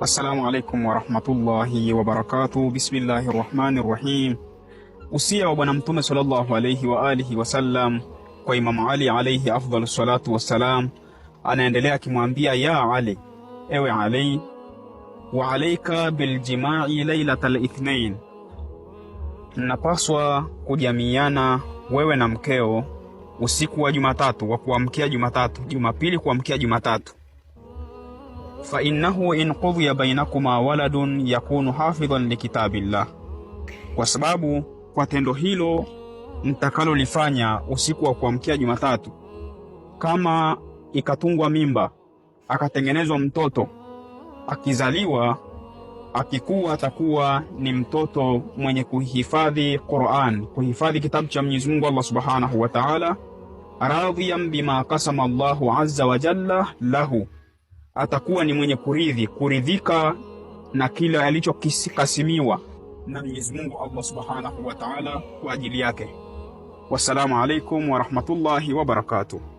Assalamu alaikum warahmatullahi wabarakatu Bismillahi rahmani rahim. Usia wa Bwana Mtume sallallahu alaihi wa alihi wasallam kwa Imamu Ali alaihi afdhalu salatu wassalam, anaendelea akimwambia: ya Ali, ewe Ali, wa alaika biljimai lailata lithnain, mnapaswa kujamiana wewe na mkeo usiku wa Jumatatu wa kuamkia Jumatatu, Jumapili kuamkia Jumatatu fainnahu in qudhiya bainakuma waladun yakunu hafidhan likitabillah, kwa sababu kwa tendo hilo mtakalolifanya usiku wa kuamkia Jumatatu, kama ikatungwa mimba akatengenezwa mtoto akizaliwa akikuwa atakuwa ni mtoto mwenye kuhifadhi Qur'an, kuhifadhi kitabu cha Mwenyezi Mungu Allah Subhanahu wa Ta'ala, radhiyan bima qasama Allahu azza wa jalla lahu atakuwa ni mwenye kuridhi kuridhika na kile alichokasimiwa na Mwenyezi Mungu Allah Subhanahu wa Ta'ala kwa ajili yake. Wassalamu alaikum wa rahmatullahi wa barakatuh.